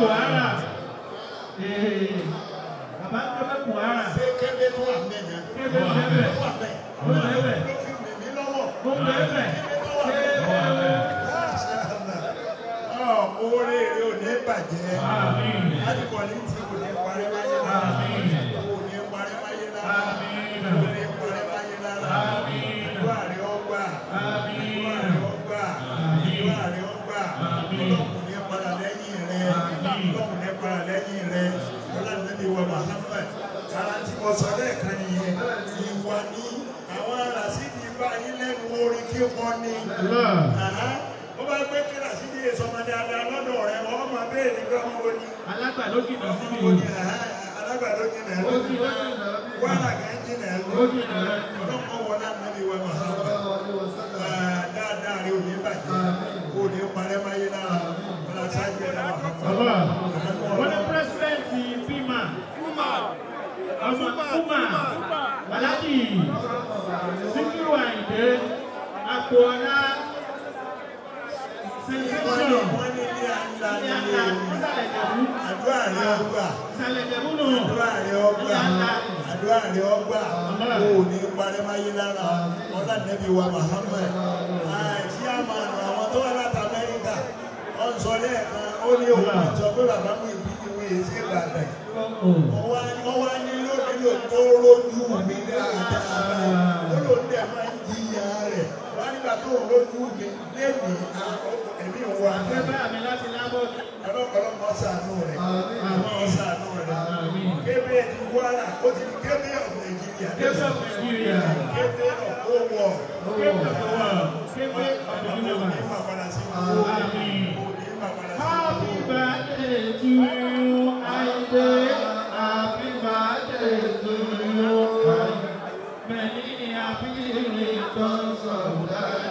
kuhara baba kebe kuhara. ṣé kébé tó wà bẹ́ẹ̀ yẹn. kébé bẹ́ẹ̀ bẹ́ẹ̀ ó bẹ́ẹ̀ bẹ́ẹ̀ ó fi mèmí lọ́wọ́. ó bẹ́ẹ̀ bẹ́ẹ̀ kébé tó wà bẹ́ẹ̀. ọ̀ ah, ah, oore rẹ̀ ò ní bàjẹ́. àdìgbò ní ti kò ní parí wáyé náà. tí wọ́n ní. ó bá gbé kíláàsì bí èso ọmọ dáadáa lọ́dọ̀ rẹ̀ wọ́n máa béèrè nígbà ọmọ wo ni. alágbà ló jìnà sí mi. alágbà ló jìnà sí mi. wàhálà kan jìnà sí mi. ọlọ́mọ wọn náà nàbí wọn mọ̀ sábà. dáadáa rẹ ò ní bàjẹ́ kò ní parẹ́ máyé náà. ọlọ́mọ sáájú ẹ̀ náà wà. wọ́n ní pírẹ́sidẹ́ǹtì Pima. Puma. Puma. Puma. Puma. Puma. Puma. Bọ́lá wọ́n ní wọ́n ní ilé àńlá ní ilé omi. Àdúrà rẹ̀ ọgbà. Àdúrà rẹ̀ ọgbà. Àdúrà rẹ̀ ọgbà. O ò ní parẹ́ máyé lára. Ọlá Nẹ́bí wa Muhammad. Àìsí àmàlù àwọn tó wà láti Amẹ́ríkà. Ó ń sọ lẹ́ẹ̀kan, ó ní òun ìjọ pé bàbá mi ìbí ni wọ́n yéé sí Ìbàdàn. Wọ́n wá ní lónìí òtó rójú mi dáadáa. Ó lòun dẹ̀ máa ń jiyàn rẹ̀ nígbà tó ń lójú mi léèmí ẹ̀mí òwò àná. ṣé bá mi láti lábọ́ mi. ọlọ́pàá ọ̀sánú rẹ̀ ọlọ́pàá ọ̀sánú rẹ̀ kébé ti wàrà ó ti di kébé of Nigeria. kébé of Nigeria. kébé of owó. kébé of owó. kébé of owó. kébé of owó. Happy birthday to you.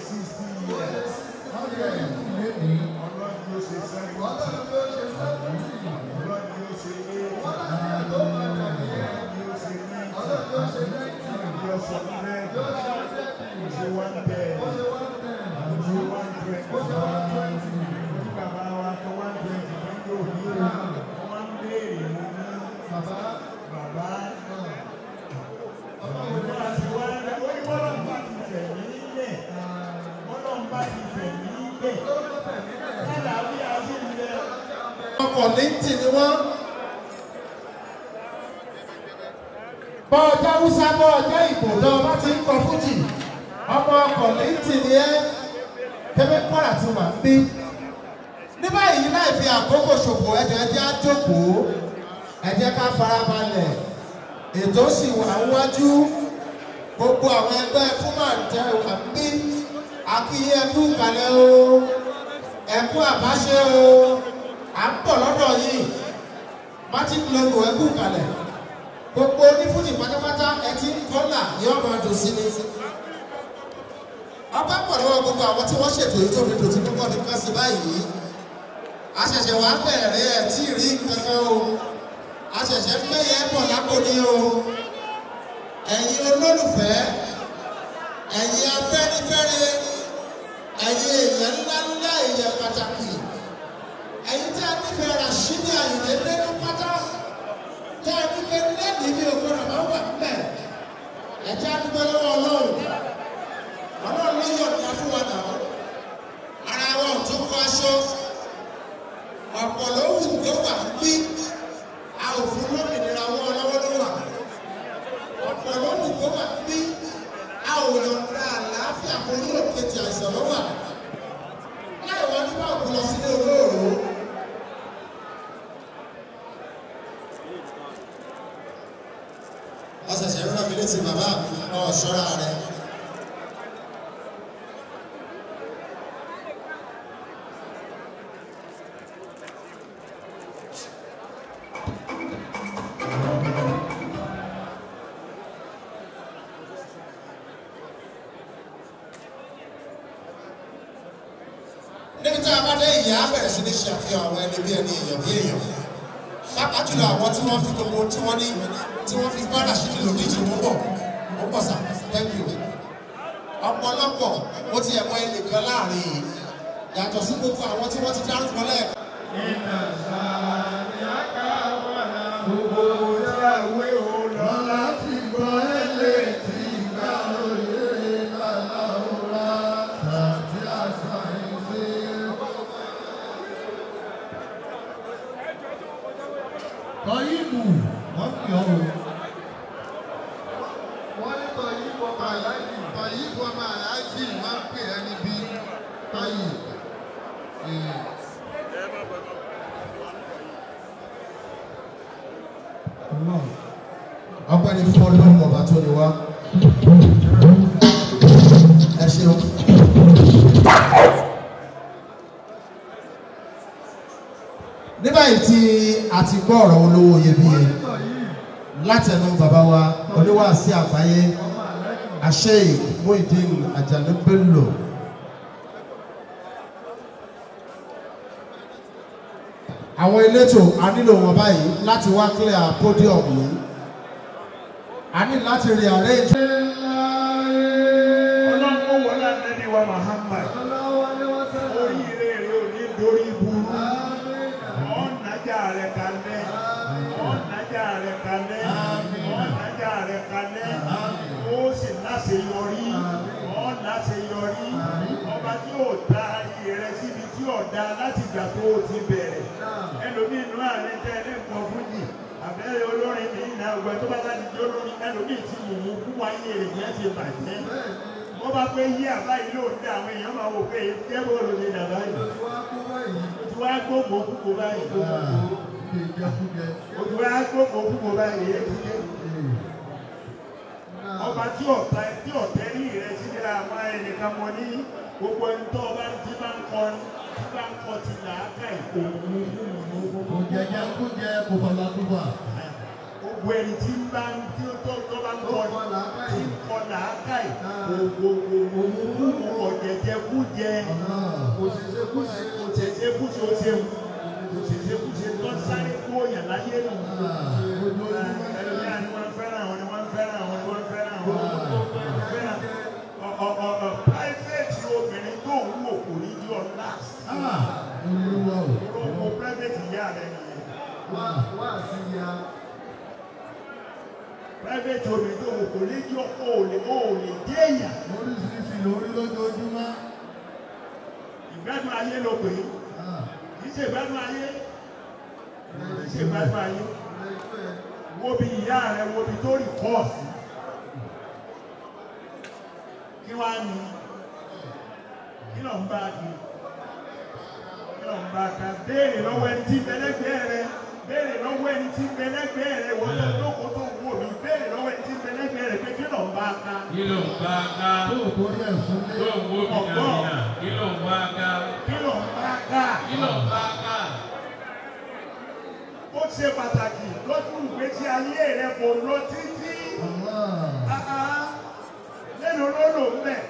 CCS. How many kọ̀lẹ́ǹtì ni wọ́n. bọ́ọ̀jọ́ húsá bọ́ọ̀jọ́ ìbò lọ bá ti ń kọ fújì ọmọ kọ̀lẹ́ǹtì ni ẹ́ kẹ́mẹ́ kọ́ra tí wà ń bí. ní báyìí láì fi àkókò ṣòfò ẹ̀jẹ̀ ẹ̀jẹ̀ á jókòó ẹ̀jẹ̀ ká farabalẹ̀ ètò sì wà wájú gbogbo àwọn ẹgbẹ́ fúnmọ̀ jẹ́ wà ń bí akíyẹ fún ìkàlẹ̀ o ẹ̀kú àbáṣe o à ń bọ̀ lọ́dọ̀ yìí martin lọ́gò ẹ kú kalẹ̀ gbogbo onífújì pátápátá ẹ ti ń kọ́là ní ọmọ ọdún sí ni ọpẹ́ pọ̀ lọ́wọ́ gbogbo àwọn tí wọ́n ṣètò yìí tó fi dòtí púpọ̀ ní kan sí báyìí àṣẹ̀ṣẹ̀ wàá bẹ̀rẹ̀ ẹ̀ tí ì rí kankan o àṣẹ̀ṣẹ̀ ń gbẹ̀yẹ pọ̀ lápò ní o ẹ̀yin olólùfẹ́ ẹ̀yin afẹ́nifẹ́re ẹ̀yin èèyàn ńláńlá èèyàn pàtàkì. èmi ò gbọ́dọ̀ máa wà nílẹ̀ ẹ̀jẹ̀ àdúgbò lọ́wọ́ ọlọ́run ọlọ́run ló yọ̀ ní afúnwa náà ara wa tó kó aṣọ ọ̀pọ̀ ló mesi ma va oh, no, a suonare níbi tí a bá dé ìyá bẹ̀rẹ̀ sí ní ṣàfihàn àwọn ẹni bí jùlọ àwọn tí wọ́n fi gbogbo tí wọ́n ní tí wọ́n fi gbára sí kìlò méjì wọ́n bọ̀ wọ́n bọ̀ sà thank you. ọ̀pọ̀lọpọ̀ ó ti ẹ̀mọ́ ẹnìkan láàrin yàtọ̀ sí gbogbo àwọn tí wọ́n ti dárúkọ lẹ́ẹ̀kan. ìtàn sáà ni a Tọ́yìnbù wọ́n pè o. Wọ́n ní Tọ́yìnbù ọmọ aláàjì Tọ́yìnbù ọmọ aláàjì wọ́n pè ẹ́ níbí Tọ́yìn. Ọpẹ́ ni fún ọdún ọba tó ni wá. a ti gbọ́ ọ̀rọ̀ olówó iyebíye látẹnu bàbá wa oníwàásí àgbáyé àṣeyìí Muyideen Ajani Bello. àwọn elétò a nílò wọn báyìí láti wá clear podium yìí a ní láti rearrange. ọlọ́run wọlé àdébíwá màá. láti ìgbà tó o ti bẹ̀rẹ̀ ah. ẹlòmíì inú àárín tẹ ẹ nǹkan fújì àbẹ́rẹ́ olórin mi ìlà ọgbà tó bá bá ti di olórin ẹlòmíì ti wù ú kú wáyé rẹ̀ jẹ́ ti bàjẹ́ wọ́n bá pé yí àbá yìí ló ń dá àwọn èèyàn máa wò pé jẹ́ bó ló ṣe dàbá yìí ojú wa gbogbo kúkò báyìí ojú wa gbogbo kúkò báyìí ah, ẹ ti dé ah. ọba tí ọ̀tá tí ọ̀tẹ́ ní ìrẹsì nira àwọn ẹnìkan mọ ní gbogbo ẹni tó ọba ti máa ń kọrin bá ń kọ ti làákà ìkó mú fún un. kò jẹjẹ kó jẹ kò fàlà tó wà. gbogbo ẹni tí ń bá tí ó tó tó bá ń kọ tí ń kọ làákà ì kò mú fún un kò jẹjẹ kó jẹ. kò ṣẹṣẹ kó ṣe kò ṣẹṣẹ kó ṣe ó ṣe kò ṣẹṣẹ ṣe tó sáré kó yàn láyé nù. ẹlòmíràn ni wọ́n fẹ́ràn àwọn ni wọ́n fẹ́ràn àwọn ni wọ́n fẹ́ràn àwọn. olúwa o. orúkọ pírẹ́sìdẹ̀ntì ìyá rẹ nìyẹn. wá sí ya. pírẹ́sìdẹ̀ntì omi o kò lè jọ o o lè dé èèyàn. oríṣiríṣi lórí lójoojúmọ́. ìgbádùn ayé ló é. kì í ṣe ìgbádùn ayé. kì í ṣe ìgbádùn ayé. wo bí ìyá rẹ wo bí tó rí kọ́ọ̀sì. kí wàá bàtà béèrè lọ́wọ́ ẹni tí bẹlẹ́gbẹ́ rẹ béèrè lọ́wọ́ ẹni tí bẹlẹ́gbẹ́ rẹ wọ́n tó lóko tó wò mí béèrè lọ́wọ́ ẹni tí bẹlẹ́gbẹ́ rẹ pé kí ló ń bá a ká. kí ló ń bá a ká. tó o kò rí ẹ̀sùn lé. tó o kí ló ń bá a ká. kí ló ń bá a ká. kí ló ń bá a ká. ó ṣe pàtàkì lọ́dún ìgbésí ayé rẹ kò lọ títí. lẹ́nu ló lò ń bẹ̀.